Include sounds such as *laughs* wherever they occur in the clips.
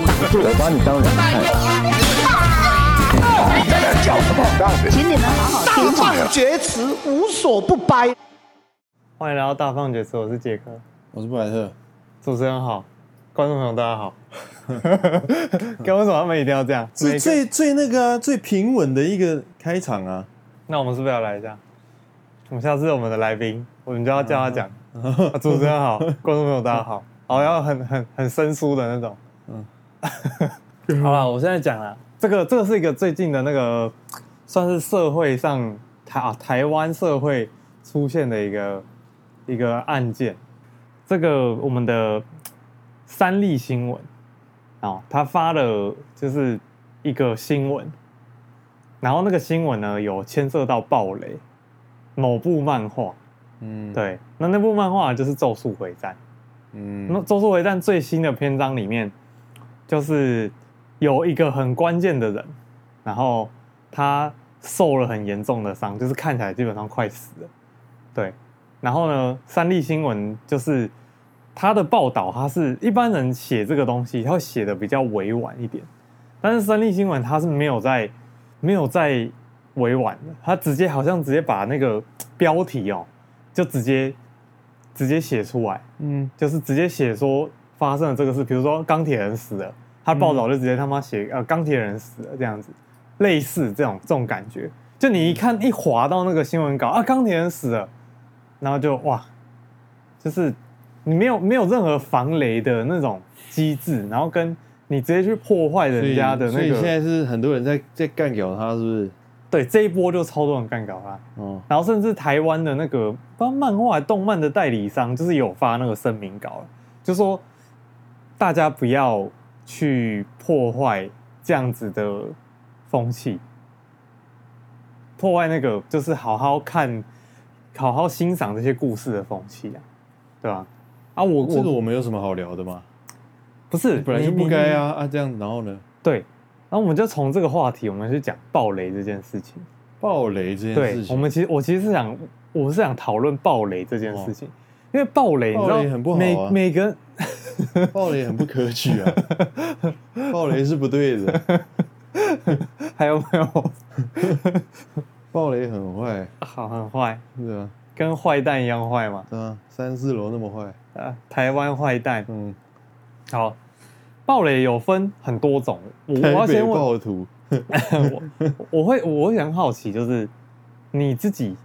我把你當人看。大放厥詞，無所不掰。歡迎來到大放厥詞，我是傑克，我是布萊特。主持人好，觀眾朋友大家好。跟我說他們一定要這樣？最最最那個、啊、最平穩的一個開場啊。那我們是不是要來一下？我們下次我們的來賓，我們就要叫他講。嗯啊、主持人好，觀眾朋友大家好。好、嗯哦，要很很很生疏的那種，嗯。 *laughs* 好了，我現在講了這個，這個是一個最近的那個，算是社會上啊臺啊臺灣社會出現的一個一個案件。這個我們的三立新聞啊，他、哦、發了就是一個新聞，然後那個新聞呢有牽涉到暴雷某部漫畫，嗯，對，那那部漫畫就是《咒術回戰》，嗯，那《咒術回戰》最新的篇章裡面，就是有一個很關鍵的人，然後他受了很嚴重的傷，就是看起來基本上快死了。對，然後呢，三立新聞就是他的報道，他是一般人寫這個東西，他會寫的比較委婉一點。但是三立新聞他是沒有在沒有在委婉的，他直接好像直接把那個標題哦，就直接直接寫出來，嗯，就是直接寫說發生了這個事，比如說鋼鐵人死了。他報道就直接他媽寫呃鋼鐵人死了這樣子，類似這種這種感覺，就你一看一滑到那個新聞稿啊鋼鐵人死了，然後就哇，就是你沒有沒有任何防雷的那種機制，然後跟你直接去破壞人家的那個所，所以現在是很多人在在幹搞他是不是？對，這一波就超多人幹搞他，嗯、哦，然後甚至台灣的那個不漫畫動漫的代理商就是有發那個聲明稿就說大家不要去破壞這樣子的風氣，破壞那個就是好好看、好好欣賞這些故事的風氣啊，對吧、啊？啊我，這我這個我們有什麼好聊的嗎？不是，本來就不該啊啊！啊這樣，然後呢？對，然後我們就從這個話題，我們去講暴雷這件事情。暴雷這件事情，對我們其實我其實是想，我是想討論暴雷這件事情，哦、因為暴雷，雷很不好、啊、你知道，每每個。暴雷很不可取啊， *laughs* 暴雷是不對的。 *laughs* 還有沒有？ *laughs* 暴雷很壞，好，很壞，是啊，跟壞蛋一樣壞嘛嗎。三四樓那麼壞，呃，台灣壞蛋。嗯，好，暴雷有分很多種。我台北暴徒我要先問暴 *laughs* 我。我我會我會很好奇，就是你自己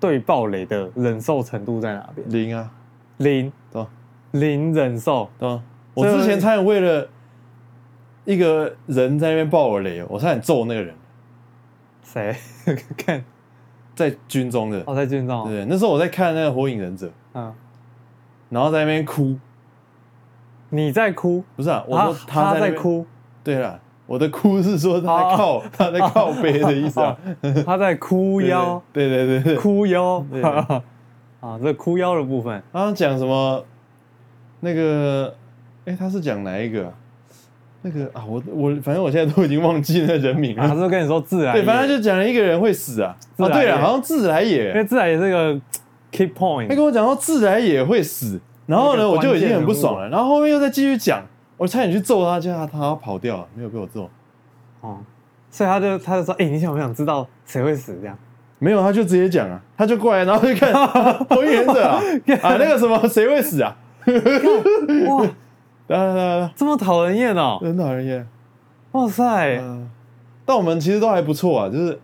對暴雷的忍受程度在哪邊？零啊，零。哦零忍受。嗯、哦。我之前差點為了一個人在那邊爆我雷，我差點揍那個人。誰？看 *laughs* 在軍中的？哦，在軍中、哦。對，那時候我在看那個《火影忍者》。嗯。然後在那邊哭。你在哭？不是啊，我說他，在啊他在哭。對了，我的哭是說他在靠、啊、他在靠北的意思啊。 *laughs* 他在哭腰。對對對，對，對，對哭腰。對，對，對。啊， *laughs* 這個、哭腰的部分。他、啊、講什麼？那個，哎、欸，他是講哪一個、啊？那個啊，我我反正我現在都已經忘記那個人名了。啊、他說跟你說自來也對，反正就講一個人會死啊。啊，對了，好像自來也，那自來也是個 key point。他跟我講說自來也會死，然後呢、那個，我就已經很不爽了。然後後面又再繼續講，我差點去揍他，結果他要跑掉了，沒有被我揍。哦、嗯，所以他就他就說，哎、欸，你想不想知道誰會死？這樣沒有，他就直接講啊，他就過來，然後就看火影忍者啊， *laughs* 啊，那個什麼誰會死啊？ *laughs* 哇，來來來，這麼討人厭哦，真討人厭！哇塞、呃，但我們其實都還不錯啊，就是，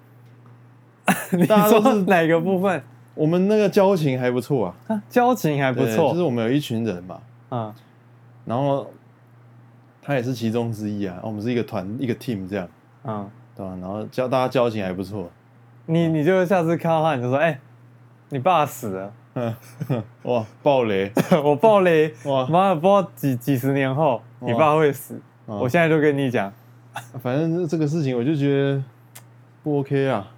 *laughs* 你說是哪個部分？我們那個交情還不錯啊，啊，交情還不錯，就是我們有一群人嘛，啊、嗯，然後他也是其中之一啊，我們是一個團，一個 team 這樣，啊、嗯，對吧？然後交大家交情還不錯，你、嗯、你就下次看到他，你就說，哎、欸，你爸死了。嗯，哇，暴雷！ *laughs* 我暴雷！我媽，不知道幾幾十年後你爸會死、啊。我現在就跟你講、啊，反正這個事情我就覺得不 OK 啊！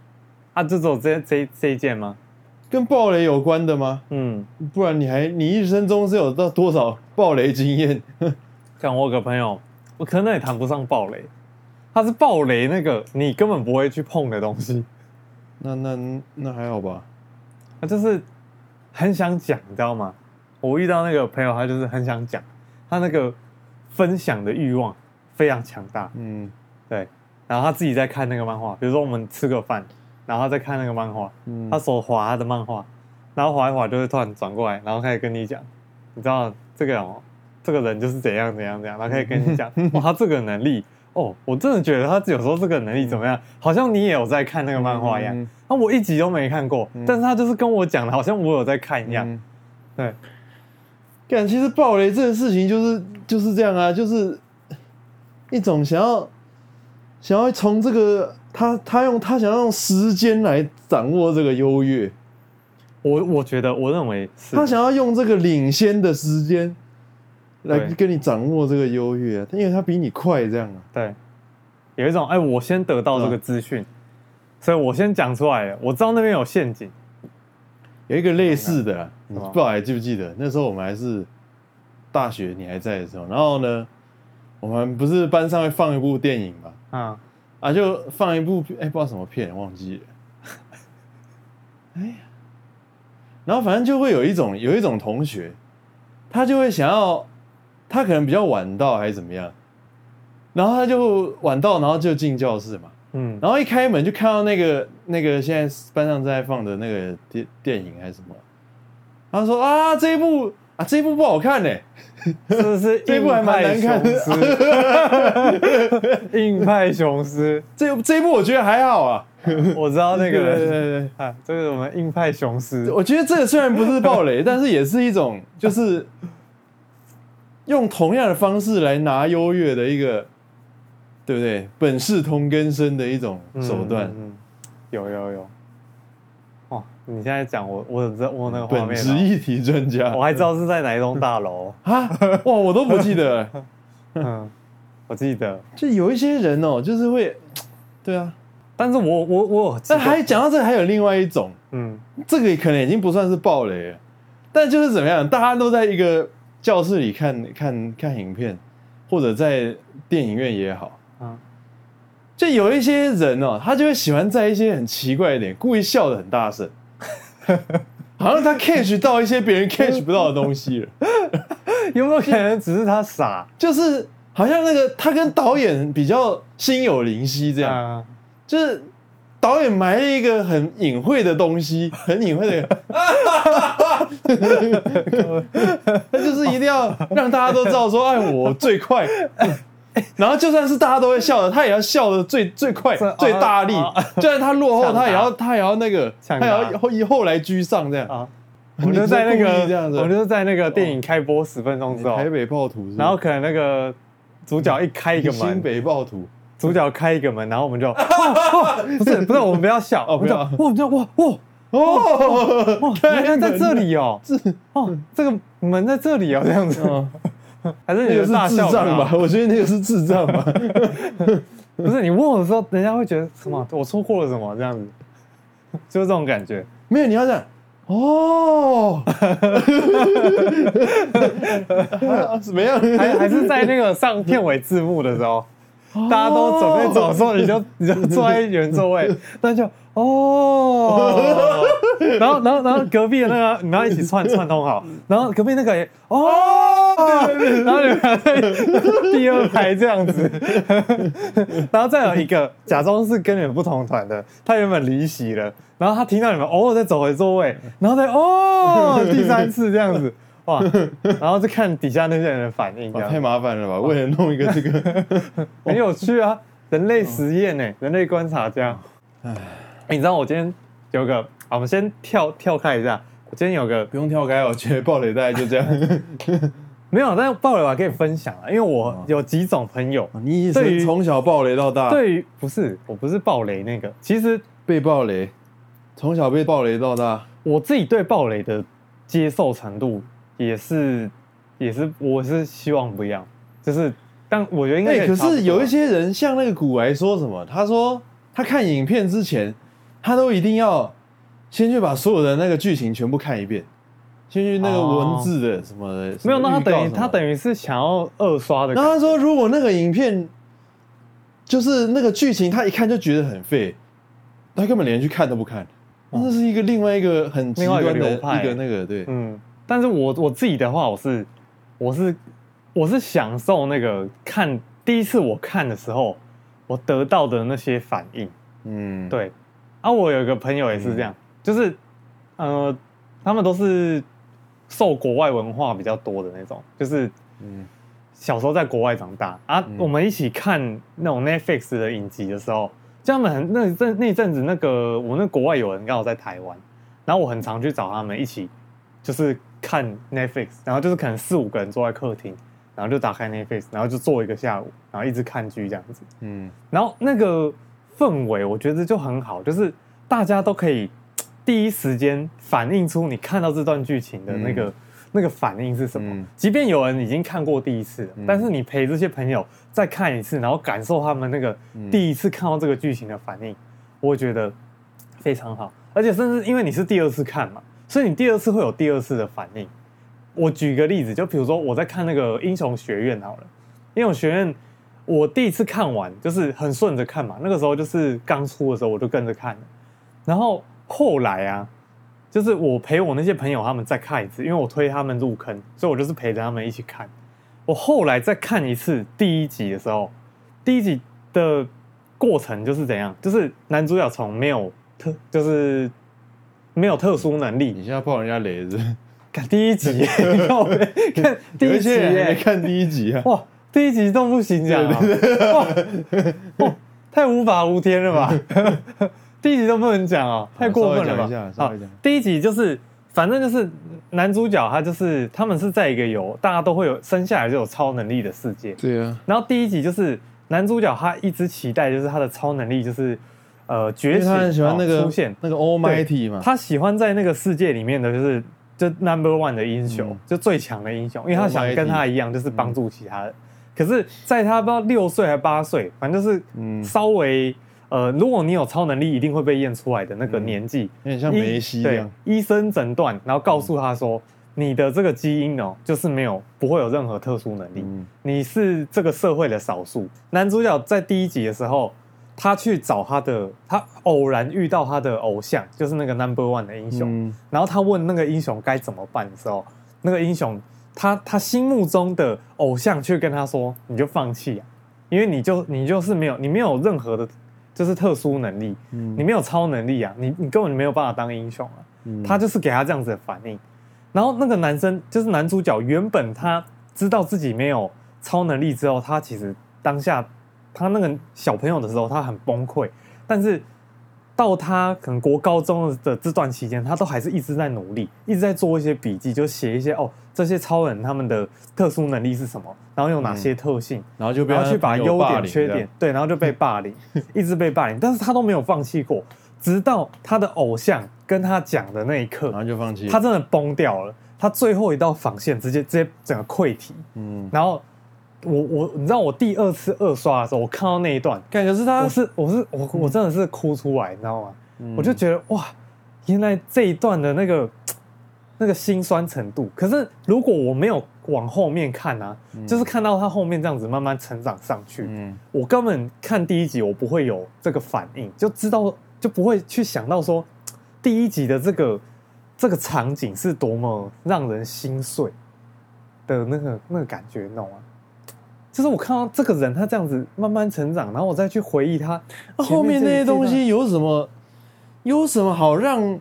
啊，這種這這這一件嗎？跟暴雷有關的嗎？嗯，不然你還你一生中是有到多少暴雷經驗？像 *laughs* 我有個朋友，我可能也談不上暴雷，他是暴雷那個你根本不會去碰的東西。那那那還好吧？啊，就是。很想講，你知道嗎？我遇到那個朋友，他就是很想講，他那個分享的慾望非常強大。嗯，對。然後他自己在看那個漫畫，比如說我們吃個飯，然後他在看那個漫畫，嗯，他手滑他的漫畫，然後滑一滑，就會突然轉過來，然後開始跟你講，你知道這個哦，這個人就是怎樣怎樣怎樣，然後可以跟你講， *laughs* 哇，他這個能力。哦，我真的覺得他有時候這個能力怎麼樣？嗯、好像你也有在看那個漫畫一樣。那、嗯嗯啊、我一集都沒看過，嗯、但是他就是跟我講的，好像我有在看一樣。嗯、對，但其實暴雷這件事情就是就是這樣啊，就是一種想要想要從這個他他用他想要用時間來掌握這個優越。我我覺得我認為是他想要用這個領先的時間。來跟你掌握這個優越，啊，因為他比你快，這樣啊。對，有一種哎，欸，我先得到這個資訊，哦，所以我先講出來了。我知道那邊有陷阱，有一個類似的，啊嗯啊，你不知道還記不記得？那時候我們還是大學，你還在的時候。然後呢，我們不是班上會放一部電影嗎，嗯？啊啊，就放一部哎，欸，不知道什麼片，忘記了。 *laughs* 哎呀，然後反正就會有一種有一種同學，他就會想要。他可能比較晚到還是怎麼樣，然後他就晚到，然後就進教室嘛。嗯，然後一開門就看到那個那個現在班上正在放的那個電電影還是什麼，他說啊這一部啊這一部不好看呢、欸，是不是？這一部還蠻難看的。哈哈哈哈哈哈！硬派雄獅、啊，這一這一部我覺得還好啊。我知道那個對對對對啊，這個什麼硬派雄獅，我覺得這個雖然不是暴雷， *laughs* 但是也是一種就是。用同樣的方式來拿優越的一個，對不對？本是同根生的一種手段。嗯，有、嗯、有、嗯、有。哇、哦，你現在講我我怎麼知道我那個畫面本職議題專家，我還知道是在哪一棟大樓啊？ *laughs* 哇，我都不記得了。 *laughs* *laughs* 嗯，我記得，就有一些人哦，就是會，對啊。但是我我我，但還講到這，還有另外一種，嗯，這個可能已經不算是暴雷了，但就是怎麼樣，大家都在一個，教室裡看看看影片，或者在電影院也好，啊，就有一些人哦，他就會喜歡在一些很奇怪的點，故意笑得很大聲， *laughs* 好像他 catch 到一些別人 catch 不到的東西了， *laughs* 有沒有可能只是他傻？就，就是好像那個他跟導演比較心有靈犀這樣，啊，就是導演埋了一個很隱晦的東西，很隱晦的。 *laughs* *laughs* 他 *laughs* 就是一定要讓大家都知道說，哎，我最快。然後就算是大家都會笑的，他也要笑的最最快、最大力。就算他落後，他也要他也要那個，他也要後後來居上這樣。啊，我就在那個我就在那個，我就在那個電影開播十分鐘之後，台北暴徒。然後可能那個主角一開一個門，新北暴徒主角開一個門，然後我們就哇哇不是不是，我們不要笑哦，不要我不要哇哇哇。哦，哇，門、哦、原來在這裡哦，哦，這個門在這裡哦，這樣子、嗯，還是你覺得那個是智障吧？我覺得你是智障吧， *laughs* 不是你問我的時候，人家會覺得什麼、嗯？我錯過了什麼？這樣子、嗯，就是這種感覺。沒有，你要這樣，哦， *laughs* 怎 *laughs* 麼樣還，還是在那個上片尾字幕的時候、哦，大家都準備走的時候，你就、哦、你，就 *laughs* 你就原座位， *laughs* 那就。哦、oh, *laughs* 然後然後然後隔壁的那個，然後一起串 *laughs* 串通好，然後隔壁那個也 *laughs* 哦，然後你們還在第二排這樣子， *laughs* 然後再有一個假裝是跟你們不同團的，他原本離席了，然後他聽到你們偶爾再走回座位，然後再哦 *laughs* 第三次這樣子哇，然後再看底下那些人的反應，太麻煩了吧？為了弄一個這個 *laughs* 很有趣啊， *laughs* 人類實驗呢、欸嗯，人類觀察家哎。欸、你知道我今天有個，我們先跳跳開一下。我今天有個不用跳開，我覺得暴雷大概就這樣。 *laughs* *laughs* 沒有，但是暴雷我還可以分享啊，因為我有幾種朋友。嗯對啊，你也是從小暴雷到大？對於不是，我不是暴雷那個。其實被暴雷，從小被暴雷到大。我自己對暴雷的接受程度也是也是，我是希望不一樣。就是，但我覺得應該可、欸、可是有一些人像那個古來說什麼？他說他看影片，之前。他都一定要先去把所有的那個劇情全部看一遍，先去那個文字的什麼的。哦、什麼預告什麼的沒有，那他等於他等於是想要二刷的。然後他說，如果那個影片，就是那個劇情，他一看就覺得很廢，他根本連去看都不看。嗯、那是一個另外一個很極端的一個、那個、另外一個流派、欸，一個那個對。嗯，但是我我自己的話我，我是我是我是享受那個看第一次我看的時候，我得到的那些反應。嗯，對。啊，我有一個朋友也是這樣、嗯，就是，呃，他們都是受國外文化比較多的那種，就是，嗯，小時候在國外長大。啊，嗯、我們一起看那種 Netflix 的影集的時候，就他們很那陣那一陣子，那個我那國外友人剛好在台灣，然後我很常去找他們一起，就是看 Netflix，然後就是可能四五個人坐在客廳，然後就打開 Netflix，然後就坐一個下午，然後一直看劇這樣子。嗯，然後那個。氛圍我覺得就很好，就是大家都可以第一時間反映出你看到這段劇情的那個、嗯、那個反應是什麼、嗯。即便有人已經看過第一次、嗯，但是你陪這些朋友再看一次，然後感受他們那個第一次看到這個劇情的反應、嗯，我覺得非常好。而且甚至因為你是第二次看嘛，所以你第二次會有第二次的反應。我舉個例子，就比如說我在看那個《英雄學院》好了，《英雄學院》。我第一次看完就是很順着看嘛，那個時候就是剛出的時候我就跟着看了，然後後來啊，就是我陪我那些朋友他們再看一次，因為我推他們入坑，所以我就是陪着他們一起看。我後來再看一次第一集的時候，第一集的過程就是怎樣，就是男主角從沒有特，就是沒有特殊能力。你現在爆人家雷子？看第一集，看， *laughs* 看 *laughs* 第一集，看第一集啊！哇。第一集都不行講、喔，哦，太無法無天了吧？ *laughs* 第一集都不能講哦、喔，太過分了吧？好好，第一集就是，反正就是男主角他就是他們是在一個有大家都會有生下來就有超能力的世界，對啊。然後第一集就是男主角他一直期待就是他的超能力就是呃覺醒然後、那個哦、出現那個 Almighty 嘛，他喜歡在那個世界裡面的就是就 number、no. one 的英雄，嗯、就最強的英雄，因為他想跟他一樣就是幫助其他的。可是，在他不知道六歲還是八歲，反正就是稍微、嗯、呃，如果你有超能力，一定會被驗出來的那個年紀。有、嗯、點像梅西一樣，對，醫生診斷，然後告訴他說、嗯：“你的這個基因哦，就是沒有不會有任何特殊能力，嗯、你是這個社會的少數。”男主角在第一集的時候，他去找他的，他偶然遇到他的偶像，就是那個 Number One 的英雄，嗯、然後他問那個英雄該怎麼辦的時候，那個英雄。他他心目中的偶像卻跟他說，你就放棄啊，因為你就你就是沒有你沒有任何的，就是特殊能力、嗯，你沒有超能力啊，你你根本沒有辦法當英雄啊、嗯。他就是給他這樣子的反應。然後那個男生就是男主角，原本他知道自己沒有超能力之後，他其實當下他那個小朋友的時候，他很崩潰。但是到他可能國高中的這段期間，他都還是一直在努力，一直在做一些筆記，就寫一些哦。這些超人他們的特殊能力是什麼？然後有哪些特性？嗯、然後就然後去把優點缺點對，然後就被霸凌，嗯、一直被霸凌 *laughs* 一直被霸凌，但是他都沒有放棄過，直到他的偶像跟他講的那一刻，然後就放棄，他真的崩掉了，他最後一道防線直接直接整個潰堤。嗯，然後我我你知道我第二次二刷的時候，我看到那一段，感覺是他是、嗯、我是我是我、嗯、我真的是哭出來，你知道嗎？嗯、我就覺得哇，原來這一段的那個。那個心酸程度，可是如果我沒有往後面看啊，嗯、就是看到他後面這樣子慢慢成長上去，嗯，我根本看第一集我不會有這個反應，就知道就不會去想到說第一集的這個這個場景是多麼讓人心碎的那個那個感覺，懂啊？就是我看到這個人他這樣子慢慢成長，然後我再去回憶他面後面那些東西有什麼，有什麼好讓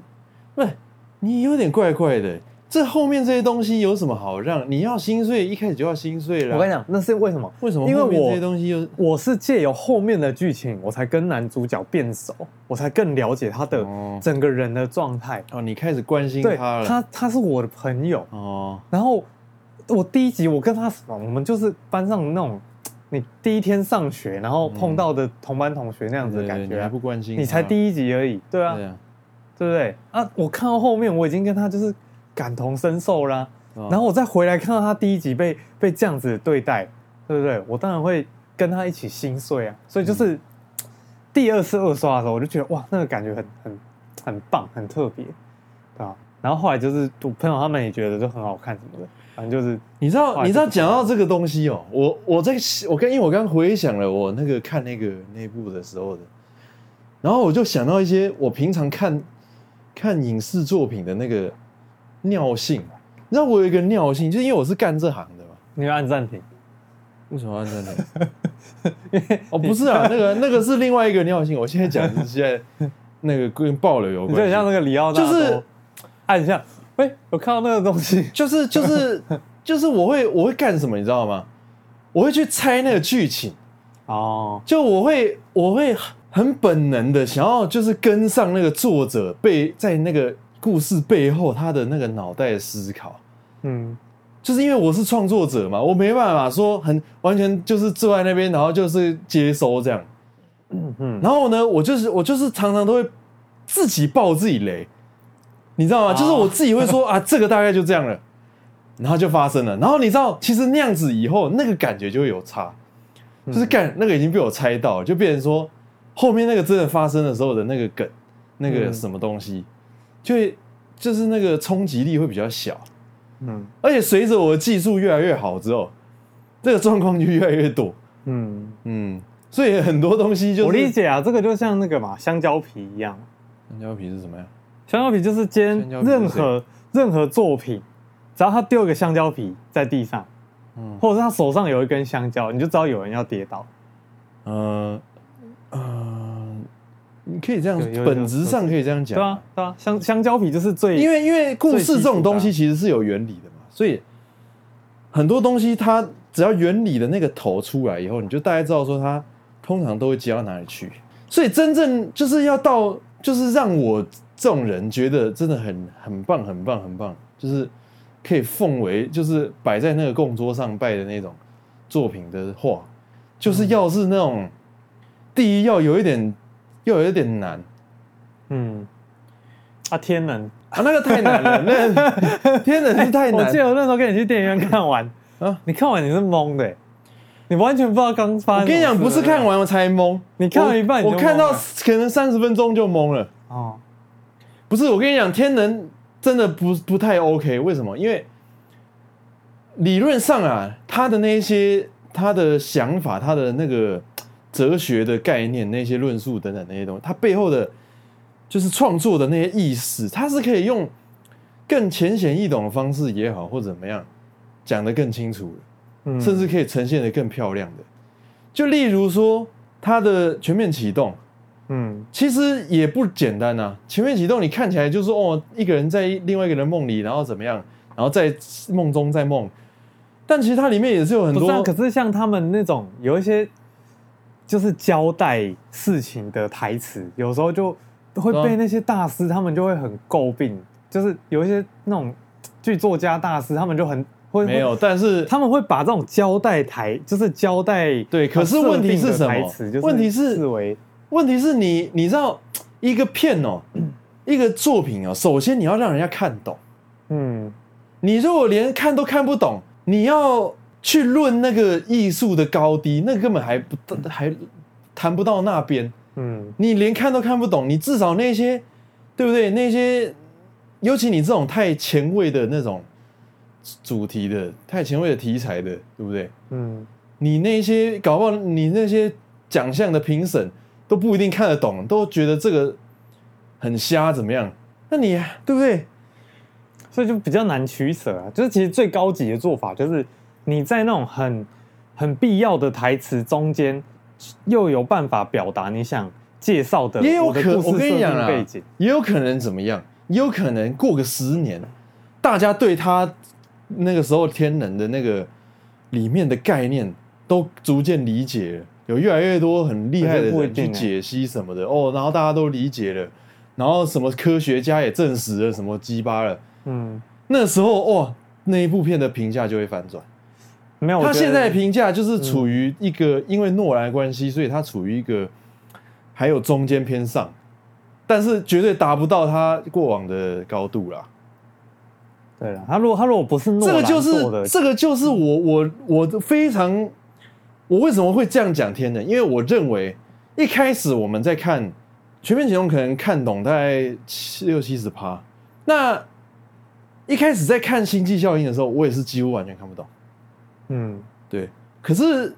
喂，哎你有點怪怪的，這後面這些東西有什麼好讓？你要心碎，一開始就要心碎了，啊。我跟你講，那是為什麼？為什麼？因為我這些東西，又我是借由後面的劇情，我才跟男主角變熟，我才更了解他的，哦，整個人的狀態。哦，你開始關心他了。對他，他是我的朋友哦。然後我第一集我跟他什麼？我們就是班上那種你第一天上學，然後碰到的同班同學那樣子的感覺，啊嗯，對對。你還不關心他。你才第一集而已。對啊。對啊對不對啊？我看到後面，我已經跟他就是感同身受啦、啊嗯。然後我再回來看到他第一集被被這樣子對待，對不對？我當然會跟他一起心碎啊。所以就是第二次二刷的時候，我就覺得哇，那個感覺很很很棒，很特別，對啊，然後後來就是我朋友他們也覺得就很好看什麼的。反正就是你知道，你知道講到這個東西哦，我我在我跟因為我剛回想了我那個看那個那部的時候的，然後我就想到一些我平常看。看影視作品的那個尿性，你知道我有一個尿性，就是因為我是幹這行的嘛。你要按暫停？為什麼按暫停？ *laughs* 哦，不是啊，那個那個是另外一個尿性。我現在講的是現在那個跟爆雷有關，有點像那個李奧納多就是按一下，哎、啊，我看到那個東西，就是就是就是我會我會幹什麼，你知道嗎？我會去猜那個劇情哦，就我會我會。很本能的想要就是跟上那個作者背在那個故事背後他的那個腦袋思考，嗯，就是因為我是創作者嘛，我沒辦法說很完全就是坐在那邊，然後就是接收這樣，嗯嗯，然後呢，我就是我就是常常都會自己爆自己雷，你知道嗎？就是我自己會說啊，這個大概就這樣了，然後就發生了，然後你知道其實那樣子以後那個感覺就會有差，就是感那個已經被我猜到了，就變成說。後面那個真的發生的時候的那個梗，那個什麼東西，嗯、就就是那個衝擊力會比較小，嗯，而且隨着我的技術越來越好之後，這個狀況就越來越多，嗯嗯，所以很多東西就是、我理解啊，這個就像那個嘛香蕉皮一樣，香蕉皮是什麼呀？香蕉皮就是煎任何任何作品，只要他丟個香蕉皮在地上，嗯，或者是他手上有一根香蕉，你就知道有人要跌倒，嗯、呃。可以這樣，本質上可以這樣講。對啊，對啊，香香蕉皮就是最……因為因為故事這種東西其實是有原理的嘛，所以很多東西它只要原理的那個頭出來以後，你就大概知道說它通常都會接到哪裡去。所以真正就是要到，就是讓我這種人覺得真的很很棒，很棒，很棒，就是可以奉為就是擺在那個供桌上拜的那種作品的話，就是要是那種、嗯、第一要有一點。又有一點難，嗯，啊，天能。啊，那個太難了， *laughs* 那個、天能是太難、欸。我記得我那時候跟你去電影院看完，啊，你看完你是懵的，你完全不知道剛發生。我跟你講，不是看完我才懵，你看完一半了我，我看到可能三十分鐘就懵了。哦，不是，我跟你講，天能真的不不太 OK，為什麼？因為理論上啊，他的那一些他的想法，他的那個。哲學的概念，那些論述等等那些東西，它背後的，就是創作的那些意思，它是可以用更淺顯易懂的方式也好，或者怎麼樣講得更清楚的、嗯，甚至可以呈現得更漂亮的。就例如說，他的全面啟動，嗯，其實也不簡單吶、啊。全面啟動，你看起來就是哦，一個人在另外一個人夢裡，然後怎麼樣，然後在夢中在夢，但其實它裡面也是有很多。是啊，可是像他們那種有一些。就是交代事情的台詞，有時候就會被那些大師他們就會很詬病、嗯，就是有一些那種劇作家大師他們就很會沒有，但是他們會把這種交代台就是交代對，可是問題是什麼？詞就是思維，問題是，問題是你你知道一個片哦、嗯，一個作品哦，首先你要讓人家看懂，嗯，你如果連看都看不懂，你要。去論那個藝術的高低，那個、根本還不還談不到那邊。嗯，你連看都看不懂，你至少那些，對不對？那些尤其你這種太前衛的那種主題的、太前衛的題材的，對不對？嗯，你那些搞不好你那些獎項的評審都不一定看得懂，都覺得這個很瞎怎麼樣？那你對不對？所以就比較難取捨啊。就是其實最高級的做法就是。你在那種很很必要的台詞中間，又有辦法表達你想介紹的，的，也有可能我跟你講了，背景，也有可能怎麼樣，也有可能過個十年，大家對他那個時候天能的那個裡面的概念都逐漸理解，了，有越來越多很厲害的人去解析什麼的、啊、哦，然後大家都理解了，然後什麼科學家也證實了，什麼雞巴了，嗯，那時候哦，那一部片的評價就會反轉。沒有，他現在的評價就是處於一個因為諾蘭的關係、嗯，所以他處於一個還有中間偏上，但是絕對達不到他過往的高度了。對了、啊，他如果他如果不是諾蘭做的、這個、就是這個就是我我我非常我為什麼會這樣講天能呢？因為我認為一開始我們在看《全面啟動》可能看懂大概七六七十趴，那一開始在看《星際效應》的時候，我也是幾乎完全看不懂。嗯，對。可是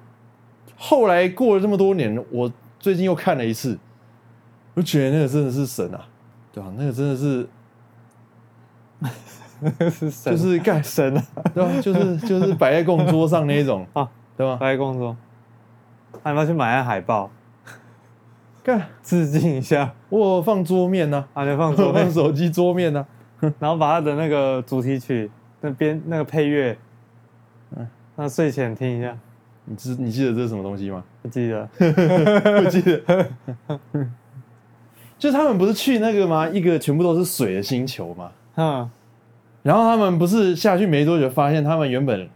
後來過了這麼多年，我最近又看了一次，我覺得那個真的是神啊，對吧、啊？那個真的是， *laughs* 是神，啊就是神，啊神啊啊，就是幹神啊，對吧？就是就是擺在供桌上那一種啊，對吧？擺在供桌，還、啊、要去買下海報，幹致敬一下。我放桌面呢、啊，還、啊、沒放桌面，放手機桌面呢、啊， *laughs* 然後把它的那個主題曲那邊那個配樂，嗯。那睡前聽一下，你記你記得這是什麼東西嗎？不記得， *laughs* 不記得。 *laughs* 就他們不是去那個嗎？一個全部都是水的星球嘛、嗯？然後他們不是下去沒多久，發現他們原本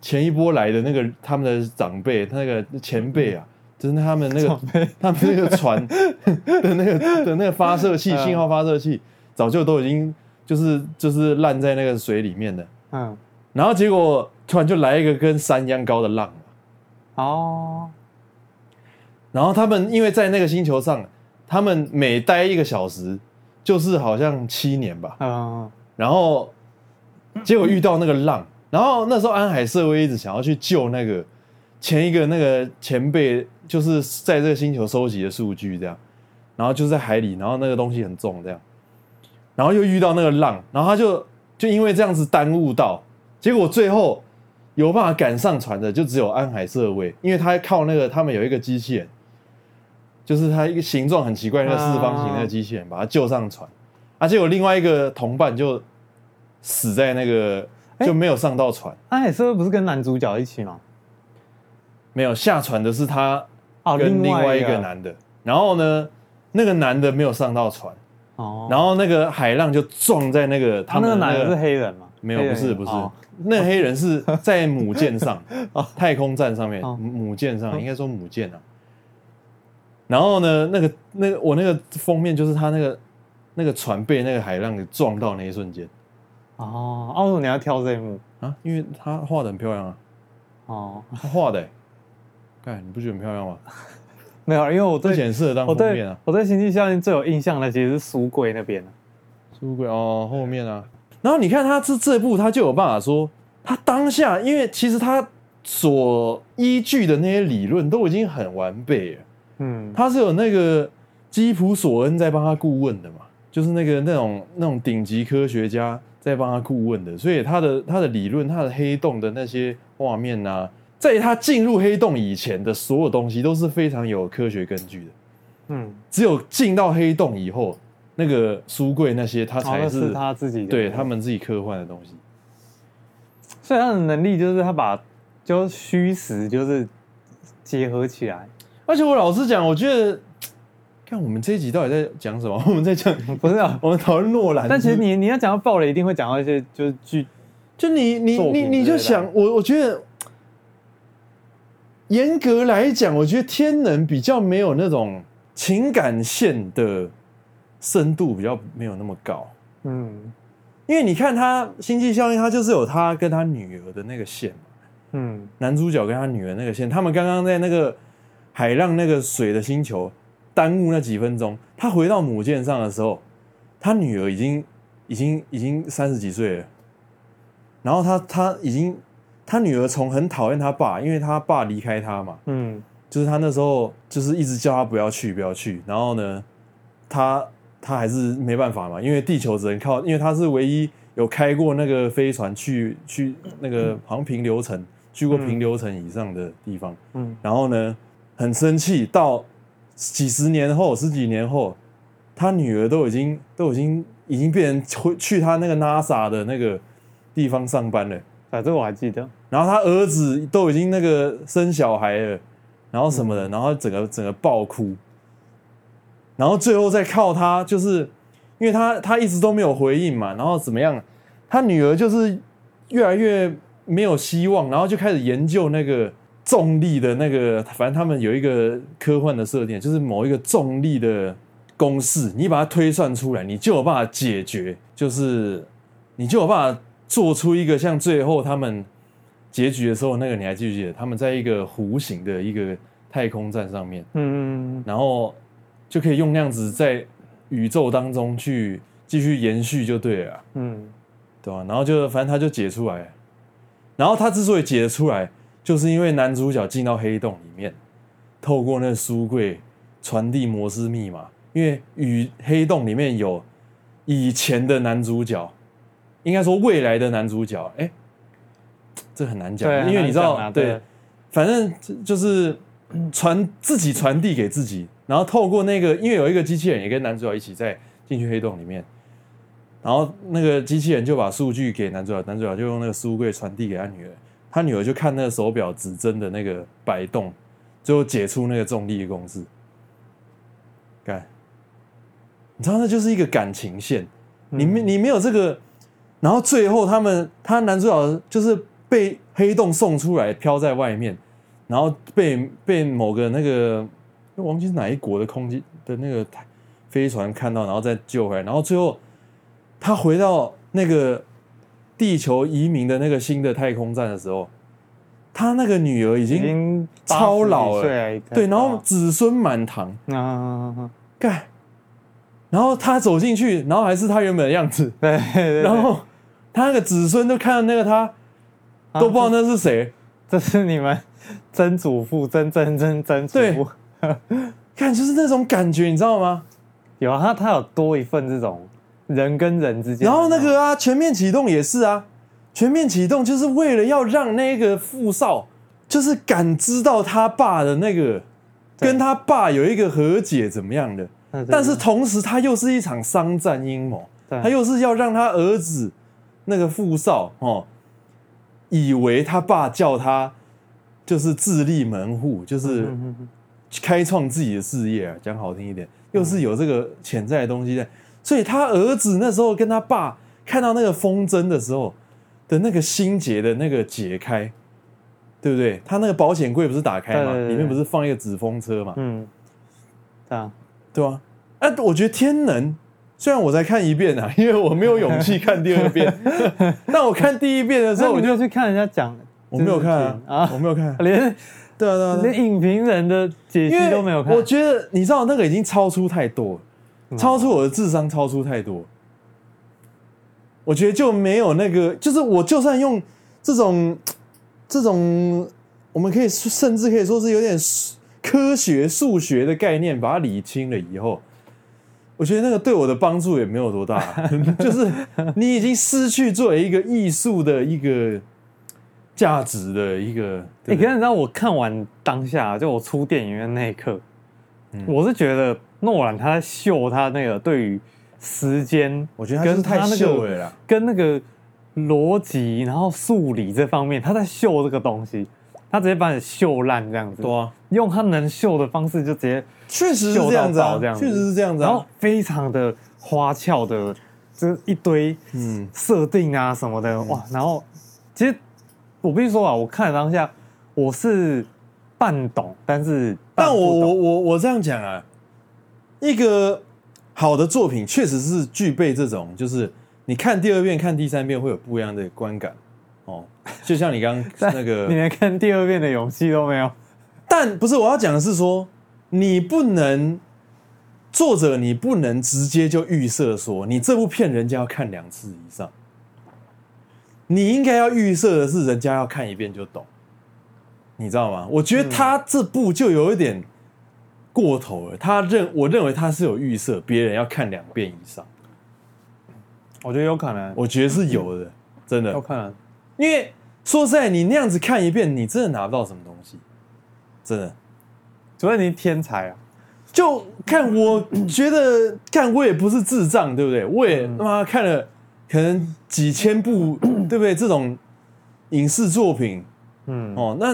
前一波來的那個他們的長輩，那個前輩啊、嗯，就是他們那個他們那個船的那個 *laughs* 的,、那個、的那個發射器、信號發射器，嗯、早就都已經就是就是爛在那個水裡面的。嗯。然後結果突然就來一個跟山一樣高的浪嘛，哦。然後他們因為在那個星球上，他們每待一個小時就是好像七年吧。嗯。然後結果遇到那個浪，然後那時候安海瑟薇一直想要去救那個前一個那個前輩，就是在這個星球收集的數據這樣。然後就在海裡，然後那個東西很重這樣，然後又遇到那個浪，然後他就就因為這樣子耽誤到。結果最後有辦法趕上船的就只有安海瑟薇，因為他靠那個，他們有一個機器人，就是它一個形狀很奇怪，那個四方形的那個機器人啊啊啊啊把他救上船，而且有另外一個同伴就死在那個、欸，就沒有上到船。安海瑟不是跟男主角一起嗎？沒有，下船的是他跟另外一個男的，啊，然後呢，那個男的沒有上到船，哦，然後那個海浪就撞在那個他們、那個啊，那個男的是黑人嗎？沒有，不是不是，哦、那個、黑人是在母艦上、哦，太空站上面，哦、母艦上、哦、應該說母艦啊。然後呢，那個那個我那個封面就是他那個那個船被那個海浪給撞到那一瞬間。哦，阿、啊、為什麼你要挑這一幕啊？因為他畫的很漂亮啊。哦，他畫的、欸，幹你不覺得很漂亮嗎？沒有，因為我最示的面、啊、我在星際效應，最有印象的其實是書櫃那邊書櫃哦，後面啊。然後你看他這這部，他就有辦法說，他當下因為其實他所依據的那些理論都已經很完備了，嗯，他是有那個基普索恩在幫他顧問的嘛，就是那個那種那種頂級科學家在幫他顧問的，所以他的他的理論，他的黑洞的那些畫面吶，在他進入黑洞以前的所有東西都是非常有科學根據的，嗯，只有進到黑洞以後。那個書櫃那些，他才是、哦、他自己、那個、對他們自己科幻的東西。所以他的能力就是他把就虛實就是結合起來。而且我老實講，我覺得看我們這一集到底在講什麼？我們在講不是啊？我們討論諾蘭， *laughs* 但其實你你要講到暴雷，一定會講到一些就是劇。就你你你你就想我，我覺得嚴格來講，我覺得天能比較沒有那種情感線的。深度比較沒有那麼高，嗯，因為你看他《星際效應》，他就是有他跟他女兒的那個線，嗯，男主角跟他女兒那個線，他們剛剛在那個海浪那個水的星球耽誤那幾分鐘，他回到母艦上的時候，他女兒已經已經已經已經三十幾歲了，然後他他已經他女兒從很討厭他爸，因為他爸離開他嘛，嗯，就是他那時候就是一直叫他不要去不要去，然後呢，他。他還是沒辦法嘛，因為地球只能靠，因為他是唯一有開過那個飛船去去那個航平流層，去過平流層以上的地方。嗯，然後呢，很生氣，到幾十年後、十幾年後，他女兒都已經都已經已經變成去去他那個 NASA 的那個地方上班了，反、啊、正我還記得。然後他兒子都已經那個生小孩了，然後什麼的，嗯、然後整個整個爆哭。然後最後再靠他，就是因為他他一直都沒有回應嘛。然後怎麼樣？他女兒就是越來越沒有希望，然後就開始研究那個重力的那個，反正他們有一個科幻的設定，就是某一個重力的公式，你把它推算出來，你就有辦法解決。就是你就有辦法做出一個像最後他們結局的時候那個，你還記不記得？他們在一個弧形的一個太空站上面，嗯，然後。就可以用量子在宇宙當中去繼續延續就對了、啊，嗯，對吧、啊？然後就反正他就解出來，然後他之所以解出來，就是因為男主角進到黑洞裡面，透過那個書櫃傳遞摩斯密碼，因為與黑洞裡面有以前的男主角，應該說未來的男主角，哎，這很難講，因為你知道、啊對，對，反正就是傳自己傳遞給自己。然後透過那個，因為有一個機器人也跟男主角一起在進去黑洞裡面，然後那個機器人就把數據給男主角，男主角就用那個書櫃傳遞給他女兒，他女兒就看那個手錶指針的那個擺動，最後解出那個重力的公式。看，你知道，那就是一個感情線。你沒你沒有這個，然後最後他們他男主角就是被黑洞送出來，飄在外面，然後被被某個那個。忘記是哪一國的空氣的那個太飛船看到，然後再救回來，然後最後他回到那個地球移民的那個新的太空站的時候，他那個女兒已經超老了，對，然後子孫滿堂啊，幹。然後他走進去，然後還是他原本的樣子，對，然後他那個子孫都看到那個他都不知道那是誰，這是你們曾祖父、曾曾曾曾祖父。看，就是那種感覺，你知道嗎？有、啊、他，他有多一份這種人跟人之間。然後那個啊，全面啟動也是啊，全面啟動就是為了要讓那個富少，就是感知到他爸的那個，跟他爸有一個和解怎麼樣的。但是同時，他又是一場商戰陰謀，他又是要讓他兒子那個富少哦，以為他爸叫他就是自立門戶，就是。 *laughs* 開創自己的事業啊，講好聽一點，又是有這個潛在的東西在、啊嗯。所以他兒子那時候跟他爸看到那個風箏的時候的那個心結的那個解開，對不對？他那個保險櫃不是打開嗎？對對對對？裡面不是放一個紙風車嗎？嗯，這樣對啊，對啊，我覺得天能，雖然我才看一遍啊，因為我沒有勇氣看第二遍，那 *laughs* 我看第一遍的時候我，我就去看人家講，我沒有看啊，我沒有看，連。對啊，對啊，啊，連影評人的解析都沒有看。我覺得你知道那個已經超出太多，超出我的智商，超出太多。我覺得就沒有那個，就是我就算用這種這種，我們可以甚至可以說是有點科學數學的概念把它理清了以後，我覺得那個對我的幫助也沒有多大。就是你已經失去作為一個藝術的一個。價值的一個，你、欸、可是你知道，我看完當下，就我出電影院那一刻、嗯，我是覺得諾蘭他在秀他那個對於時間，我覺得他是跟他那個太秀了跟那個邏輯，然後數理這方面，他在秀這個東西，他直接把你秀爛這樣子對、啊，用他能秀的方式就直接確實是這樣子，這樣子確實是這樣子，、啊這樣子，這樣子啊，然後非常的花俏的，就是一堆嗯設定啊什麼的、嗯、哇，然後其實。我必須說啊，我看了當下我是半懂，但是但我我我我這樣講啊，一個好的作品確實是具備這種，就是你看第二遍、看第三遍會有不一樣的觀感哦。就像你剛剛那個， *laughs* 你連看第二遍的勇氣都沒有。但不是我要講的是說，你不能，作者你不能直接就預設說，你這部片人家要看兩次以上。你應該要預設的是，人家要看一遍就懂，你知道嗎？我覺得他這部就有一點過頭了。他認我認為他是有預設，別人要看兩遍以上。我覺得有可能，我覺得是有的，真的。有可能，因為說實在，你那樣子看一遍，你真的拿不到什麼東西，真的。主要你天才啊，就看我覺得看我也不是智障，對不對？我也他媽看了。可能幾千部， *coughs* 對不對？這種影視作品，嗯，哦，那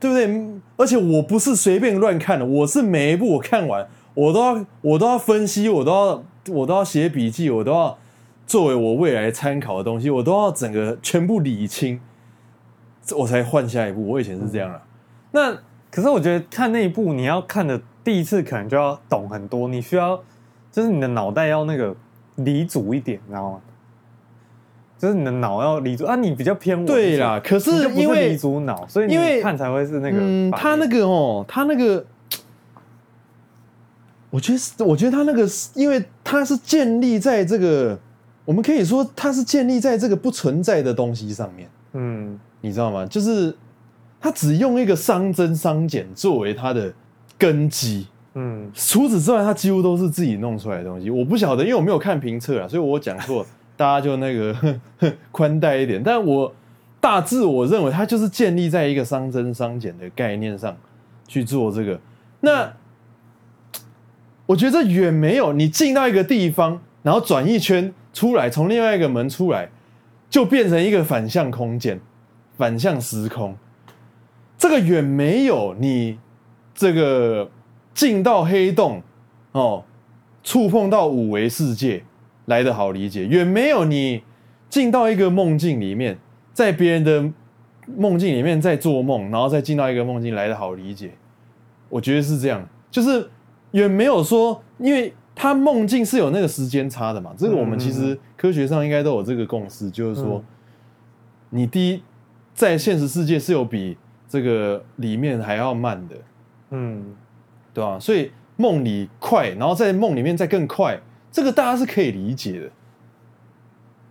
對不對？而且我不是隨便亂看的，我是每一部我看完，我都要我都要分析，我都要我都要寫筆記，我都要作為我未來參考的東西，我都要整個全部理清，我才換下一部。我以前是這樣的、嗯。那可是我覺得看那一部，你要看的第一次可能就要懂很多，你需要就是你的腦袋要那個理組一點，你知道嗎？就是你的腦要理組，啊，你比較偏文。對啦，可是,你是離因為理組腦，所以你看才會是那個。嗯，他那個哦，他那個，我覺得，我覺得他那個，因為他是建立在這個，我們可以說他是建立在這個不存在的東西上面。嗯，你知道嗎？就是他只用一個熵增熵減作為他的根基。嗯，除此之外，他幾乎都是自己弄出來的東西。我不曉得，因為我沒有看評測啊，所以我講錯 *laughs* 大家就那個寬待一點，但我大致我認為它就是建立在一個熵增熵減的概念上去做這個，嗯。那我覺得遠沒有你進到一個地方，然後轉一圈出來，從另外一個門出來，就變成一個反向空間、反向時空。這個遠沒有你這個進到黑洞哦，觸碰到五維世界。來得好理解，遠沒有你進到一個夢境裡面，在別人的夢境裡面在做夢，然後再進到一個夢境來得好理解。我覺得是這樣，就是遠沒有說，因為他夢境是有那個時間差的嘛。這個我們其實科學上應該都有這個共識，嗯、就是說你第一在現實世界是有比這個裡面還要慢的，嗯，對吧、啊？所以夢裡快，然後在夢裡面再更快。這個大家是可以理解的，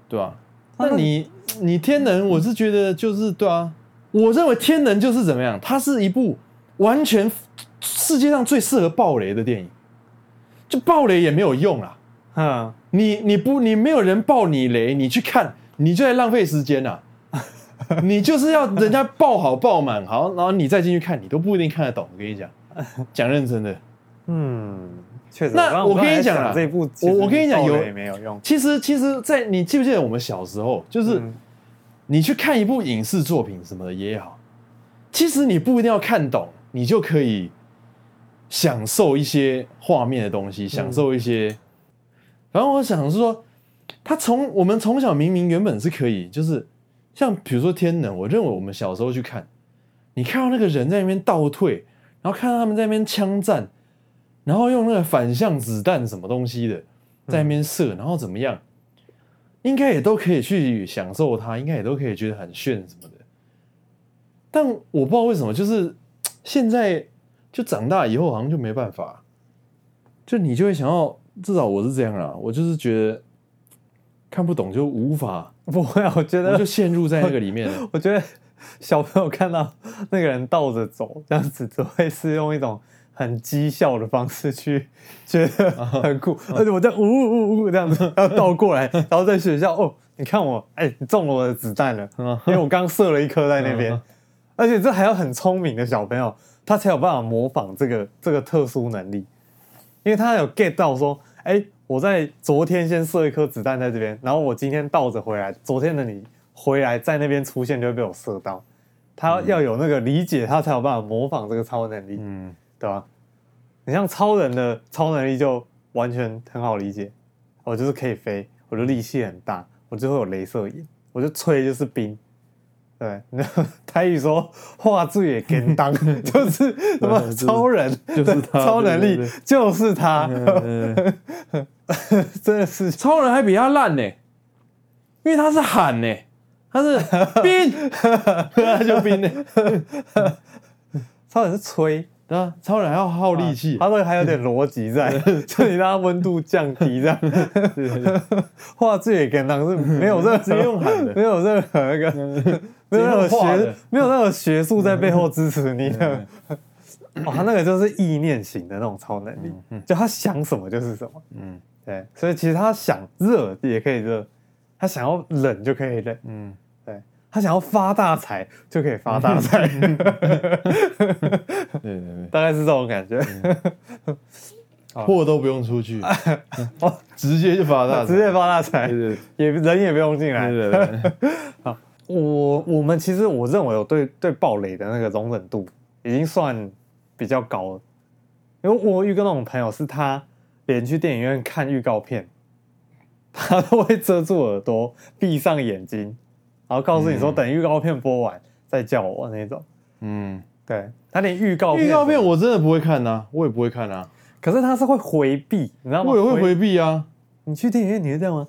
對吧、啊？那你你天能，我是覺得就是對啊。我認為天能就是怎麼樣？它是一部完全世界上最適合暴雷的電影，就暴雷也沒有用啊。嗯、你你不你沒有人爆你雷，你去看你就在浪費時間啊。你就是要人家爆好爆滿好，然後你再進去看，你都不一定看得懂。我跟你講，講認真的，嗯。確實。那我跟你講這部，我我跟你講，跟你講，跟你講有其實其實，其實在你記不記得我們小時候，就是、嗯、你去看一部影視作品什麼的也好，其實你不一定要看懂，你就可以享受一些畫面的東西，嗯、享受一些。反正我想是說，他從我們從小明明原本是可以，就是像比如說天能，我認為我們小時候去看，你看到那個人在那邊倒退，然後看到他們在那邊槍戰。然後用那個反向子彈什麼東西的在那邊射，嗯，然後怎麼樣？應該也都可以去享受它，應該也都可以覺得很炫什麼的。但我不知道為什麼，就是現在就長大以後好像就沒辦法，就你就會想要至少我是這樣啊，我就是覺得看不懂就無法不會啊，我覺得我就陷入在那個裡面。 *laughs* 我覺得小朋友看到那個人倒着走這樣子，只會是用一種。很譏笑的方式去，覺得很酷，而且我在嗚嗚嗚這樣子，然後倒過來，然後在學校哦，你看我，欸，你中了我的子彈了，因為我剛射了一顆在那邊，而且這還要很聰明的小朋友，他才有辦法模仿這個這個特殊能力，因為他有 get 到說，欸，我在昨天先射一顆子彈在這邊，然後我今天倒着回來，昨天的你回來在那邊出現就會被我射到，他要有那個理解，他才有辦法模仿這個超能力，嗯，嗯。對吧？你像超人的超能力就完全很好理解，我就是可以飛，我的力氣很大，我就會有雷射眼，我就吹就是冰。對，台語說話最簡單，就是什麼超人，就是超能力，就是他。是他 *laughs* 真的是超人還比較爛呢、欸，因為他是喊呢、欸，他是冰，他就冰呢。超人是吹。對啊，超人還要耗力氣、啊啊，他都還有點邏輯在，這、嗯、裡他溫度降低這樣，畫、嗯、質 *laughs* 是 *laughs* 也可能是沒有任何 *laughs* 的沒有任何一、那個的沒有任何學、嗯、沒有任何學術在背後支持你的、那個嗯嗯嗯哦，他那個就是意念型的那種超能力、嗯嗯，就他想什麼就是什麼，嗯，對，所以其實他想熱也可以熱、嗯，他想要冷就可以冷，嗯，對他想要發大財就可以發大財。嗯 *laughs* *laughs* 大概是這種感覺，嗯，貨 *laughs* 都不用出去，啊， *laughs* 直接就發大財，直接發大財，也人也不用進來。對對對， *laughs* 好，我我們其實我認為我對對暴雷的那個容忍度已經算比較高了，因為我遇到那種朋友，是他連去電影院看預告片，他都會遮住耳朵，閉上眼睛，然後告訴你說，等預告片播完再叫我那種，嗯，嗯。對，他連預告預告片，我真的不會看吶、啊，我也不會看啊。可是他是會回避，你知道嗎？我也會回避啊。你去電影院，你是這樣嗎？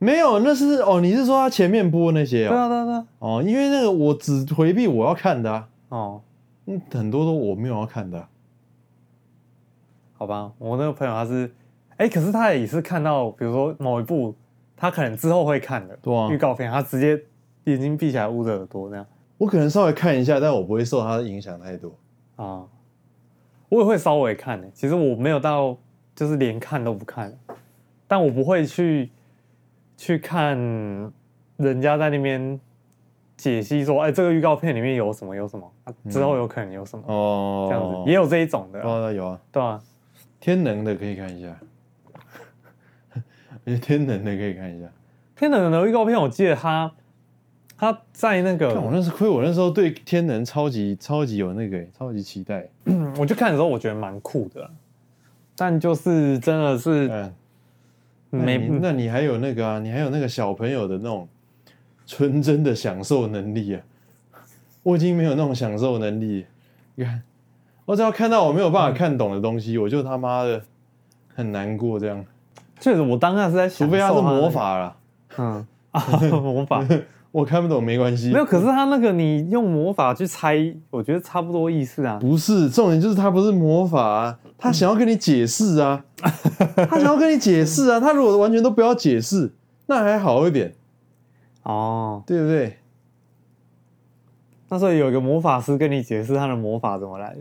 沒有，那是哦，你是說他前面播那些、哦、啊？對啊對啊。哦，因為那個我只回避我要看的啊。哦，嗯，很多都我沒有要看的、啊，好吧？我那個朋友他是，哎、欸，可是他也是看到，比如說某一部，他可能之後會看的預、啊、告片，他直接眼睛閉起來，捂着耳朵那樣。我可能稍微看一下，但我不會受它的影響太多啊。我也會稍微看，其實我沒有到，就是連看都不看，但我不會去去看人家在那邊解析說，哎，這個預告片裡面有什麼，有什麼、啊、之後有可能有什麼、嗯、哦，哦，哦，哦，哦，這樣子也有這一種的、哦哦。有啊，對啊，天能的可以看一下， *laughs* 天能的可以看一下。天能的預告片，我記得它。他在那個，我那時虧，我那時候對天能超級超級有那個、欸，超級期待、欸。 *coughs* 我就看的時候，我覺得蠻酷的，但就是真的是，嗯、欸，沒那。那你還有那個啊？你還有那個小朋友的那種純真的享受能力啊？我已經沒有那種享受能力。你看，我只要看到我沒有辦法看懂的東西，嗯、我就他媽的很難過。這樣，確實，我當下是在想、那個、除非他是魔法了，嗯啊，魔法。 *laughs* 我看不懂，沒關係，沒有，可是他那個你用魔法去猜，我覺得差不多意思啊。不是重點就是他不是魔法啊。他想要跟你解釋啊， *laughs* 他想要跟你解釋啊。他如果完全都不要解釋，那還好一點哦，對不對？那時候有一個魔法師跟你解釋他的魔法怎麼來的，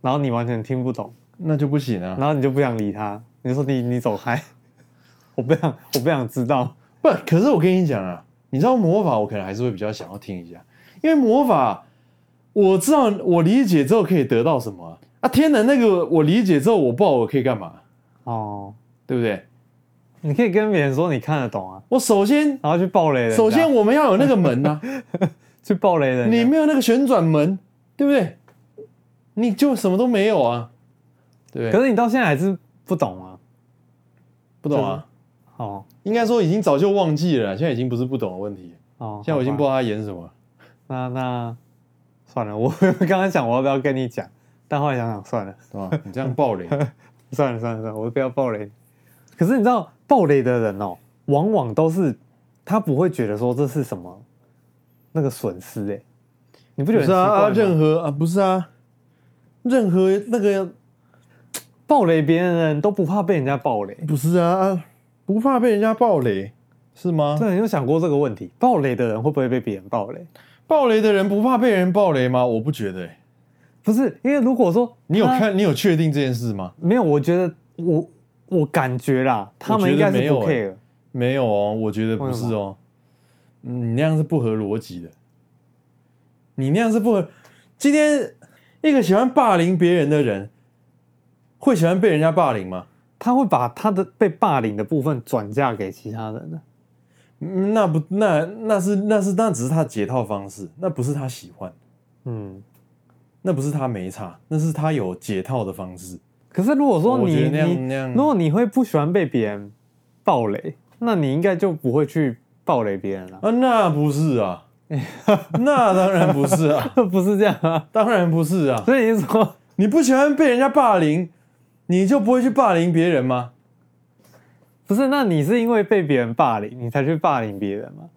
然後你完全聽不懂，那就不行啊。然後你就不想理他，你說你你走開， *laughs* 我不想我不想知道。不，可是我跟你講啊。你知道魔法，我可能還是會比較想要聽一下，因為魔法我知道，我理解之後可以得到什麼啊？啊天能那個我理解之後，我爆我可以幹嘛？哦，對不對？你可以跟別人說你看得懂啊。我首先然後去爆雷的，首先我們要有那個門吶、啊， *laughs* 去爆雷的你。你沒有那個旋轉門，對不對？你就什麼都沒有啊。對，對。可是你到現在還是不懂啊，不懂啊。就是哦，應該說已經早就忘記了，現在已經不是不懂的問題。哦，現在我已經不知道他演什麼。那那算了，我剛剛想我要不要跟你講，但後來想想算了，對吧、啊？你這樣暴雷， *laughs* 算了算了算了，我不要暴雷。可是你知道暴雷的人哦、喔，往往都是他不會覺得說這是什麼那個損失哎、欸，你不覺得？是啊，啊，任何啊不是啊，任何那個暴雷別人都不怕被人家暴雷，不是啊。不怕被人家暴雷是嗎？對，你有想過這個問題？暴雷的人會不會被別人暴雷？暴雷的人不怕被人暴雷嗎？我不覺得、欸。不是因為如果說你有看，你有確定這件事嗎、啊？沒有，我覺得我我感覺啦，他們應該是不 care。沒有哦，我覺得不是哦。你那樣是不合邏輯的。你那樣是不合。今天一個喜歡霸凌別人的人，會喜歡被人家霸凌嗎？他會把他的被霸凌的部分轉嫁給其他人呢？那不，那那是那是那只是他解套方式，那不是他喜歡，嗯，那不是他沒差，那是他有解套的方式。可是如果說你你，如果你會不喜歡被別人暴雷，那你應該就不會去暴雷別人了啊，呃？那不是啊， *laughs* *laughs* 那當然不是啊， *laughs* 不是這樣啊， *laughs* 當然不是啊。所以你說你不喜歡被人家霸凌？你就不會去霸凌別人嗎？不是，那你是因為被別人霸凌，你才去霸凌別人嗎？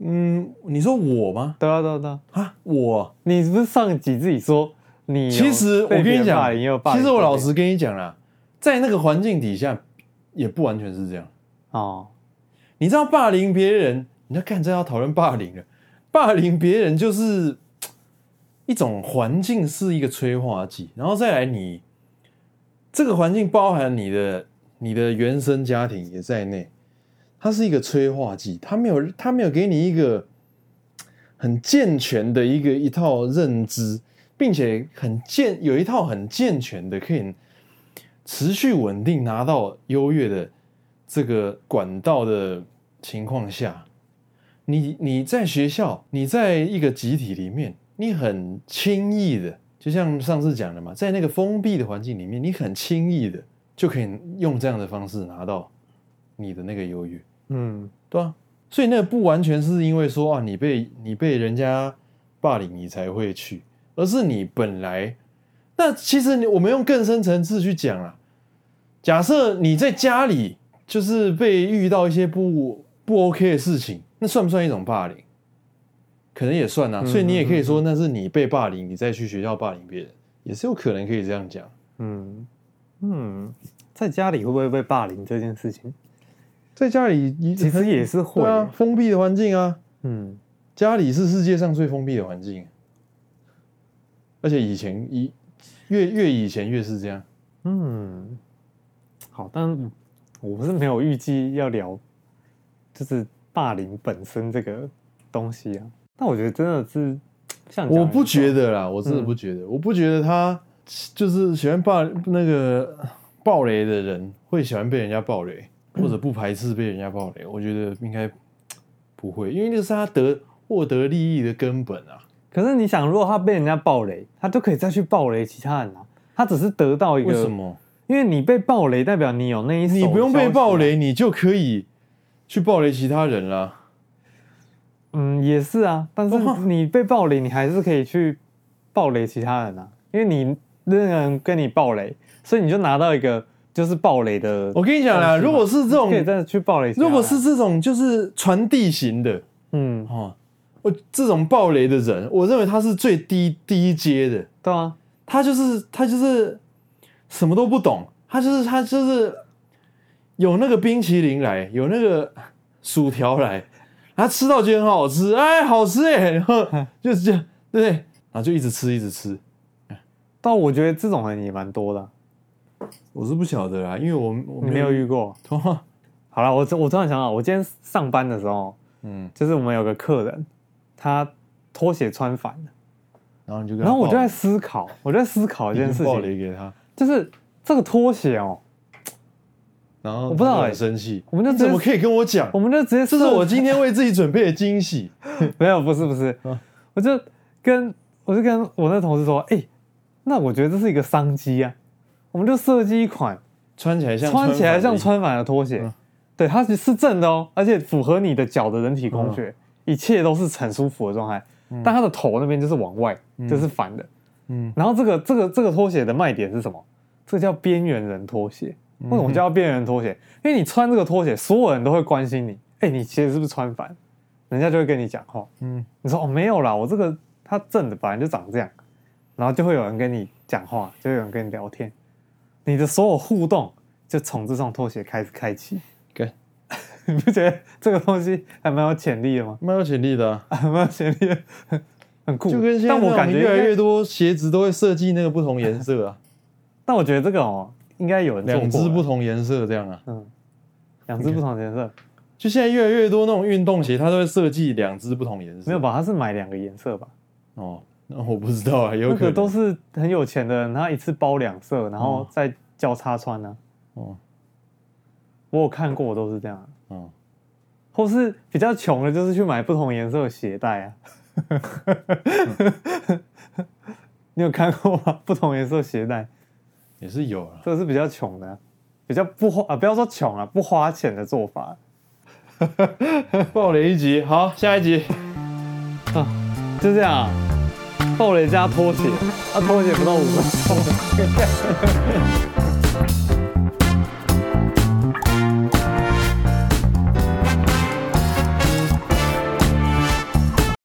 嗯，你說我嗎？對啊，對啊，對啊，啊，我，你是不是上一集自己說你，其實我跟你講，其實我老實跟你講啦，在那個環境底下，也不完全是這樣哦。你知道霸凌別人，你在幹這要討論霸凌了，霸凌別人就是一種環境是一個催化劑，然後再來你。這個環境包含你的你的原生家庭也在內，它是一個催化劑，它沒有它沒有給你一個很健全的一個一套認知，並且很健有一套很健全的，可以持續穩定拿到優越的這個管道的情況下，你你在學校，你在一個集體裡面，你很輕易的。就像上次講的嘛，在那個封閉的環境裡面，你很輕易的就可以用這樣的方式拿到你的那個優越，嗯，對啊。所以那個不完全是因為說啊，你被你被人家霸凌，你才會去，而是你本來。那其實我們用更深層次去講啊，假設你在家裡就是被遇到一些不不 OK 的事情，那算不算一種霸凌？可能也算啊，所以你也可以說那是你被霸凌，你再去學校霸凌別人，也是有可能可以這樣講。嗯。嗯嗯，在家裡會不會被霸凌這件事情，在家裡其實也是會啊，對啊，封閉的環境啊，嗯，家裡是世界上最封閉的環境，而且以前越越以前越是這樣。嗯，好，但我不是沒有預計要聊，就是霸凌本身這個東西啊。但我覺得真的是，我不覺得啦，嗯、我真的不覺得。我不覺得他就是喜歡暴那個暴雷的人會喜歡被人家暴雷，或者不排斥被人家暴雷。我覺得應該不會，因為那是他得獲得利益的根本啊。可是你想，如果他被人家暴雷，他都可以再去暴雷其他人啊。他只是得到一個，為什麼？因為你被暴雷，代表你有那一，你不用被暴雷，你就可以去暴雷其他人了，啊。嗯，也是啊，但是你被暴雷，你還是可以去暴雷其他人啊，哦、因為你那個人跟你暴雷，所以你就拿到一個就是暴雷的。我跟你講啊，如果是這種，真再去暴雷，啊，如果是這種就是傳遞型的，嗯，哦，我這種暴雷的人，我認為他是最低低階的，對啊，他就是他就是什麼都不懂，他就是他就是有那個冰淇淋來，有那個薯條來。他、啊、吃到就很好吃，哎，好吃哎，然後就是這樣，對不對？然後就一直吃，一直吃。但我覺得這種人也蠻多的，我是不曉得啦，因為我我沒有，沒有遇過。好啦，我我突然想到，我今天上班的時候，嗯，就是我們有個客人，他拖鞋穿反了，然後就，然後我就在思考，我就在思考一件事情，暴雷給他，就是這個拖鞋。哦。然後我不知道很生氣，我們就直接怎麼可以跟我講？我們就直接，這是我今天為自己準備的驚喜。 *laughs* 沒有，不是不是、啊，我就跟我就跟我那同事說，哎，那我覺得這是一個商機啊，我們就設計一款穿起來像穿，穿起來像穿反了拖鞋，嗯，對，它是是正的哦，而且符合你的腳的人體工學，一切都是很舒服的狀態。但它的頭那邊就是往外，就是反的。嗯，然後這個這個這個拖鞋的賣點是什麼？這個叫邊緣人拖鞋。為什麼叫變人拖鞋、嗯？因為你穿這個拖鞋，所有人都會關心你。哎、欸，你鞋子是不是穿反？人家就會跟你講話。嗯，你說哦，沒有啦，我這個它正的本來就長這樣。然後就會有人跟你講話，就有人跟你聊天。你的所有互動就從這雙拖鞋開始開啟。對、okay. *laughs* 你不覺得這個東西還蠻有潛力的嗎？蠻有潛力的、啊、 *laughs* 力的，蠻有潛力的，很酷。但我感覺越來越多鞋子都會設計那個不同顏色啊。 *laughs* 但我覺得這個哦。應該有兩隻不同顏色這樣啊？嗯，兩隻不同顏色，okay. 就現在越來越多那種運動鞋，它都會設計兩隻不同顏色。沒有吧，它是買兩個顏色吧？哦，那我不知道啊。有可能，那個都是很有錢的人，他一次包兩色，然後再交叉穿呢、啊。哦，我有看過，都是這樣。嗯、哦，或是比較窮的，就是去買不同顏色的鞋帶啊、 *laughs* 嗯。你有看過嗎？不同顏色鞋帶？也是有啊，這是比較窮的，比較不花、啊，不要說窮啊，不花錢的做法。暴 *laughs* 雷一集，好，下一集， *laughs* 啊，就這樣、啊，暴雷加拖鞋， *laughs* 啊，拖鞋不到五分鐘。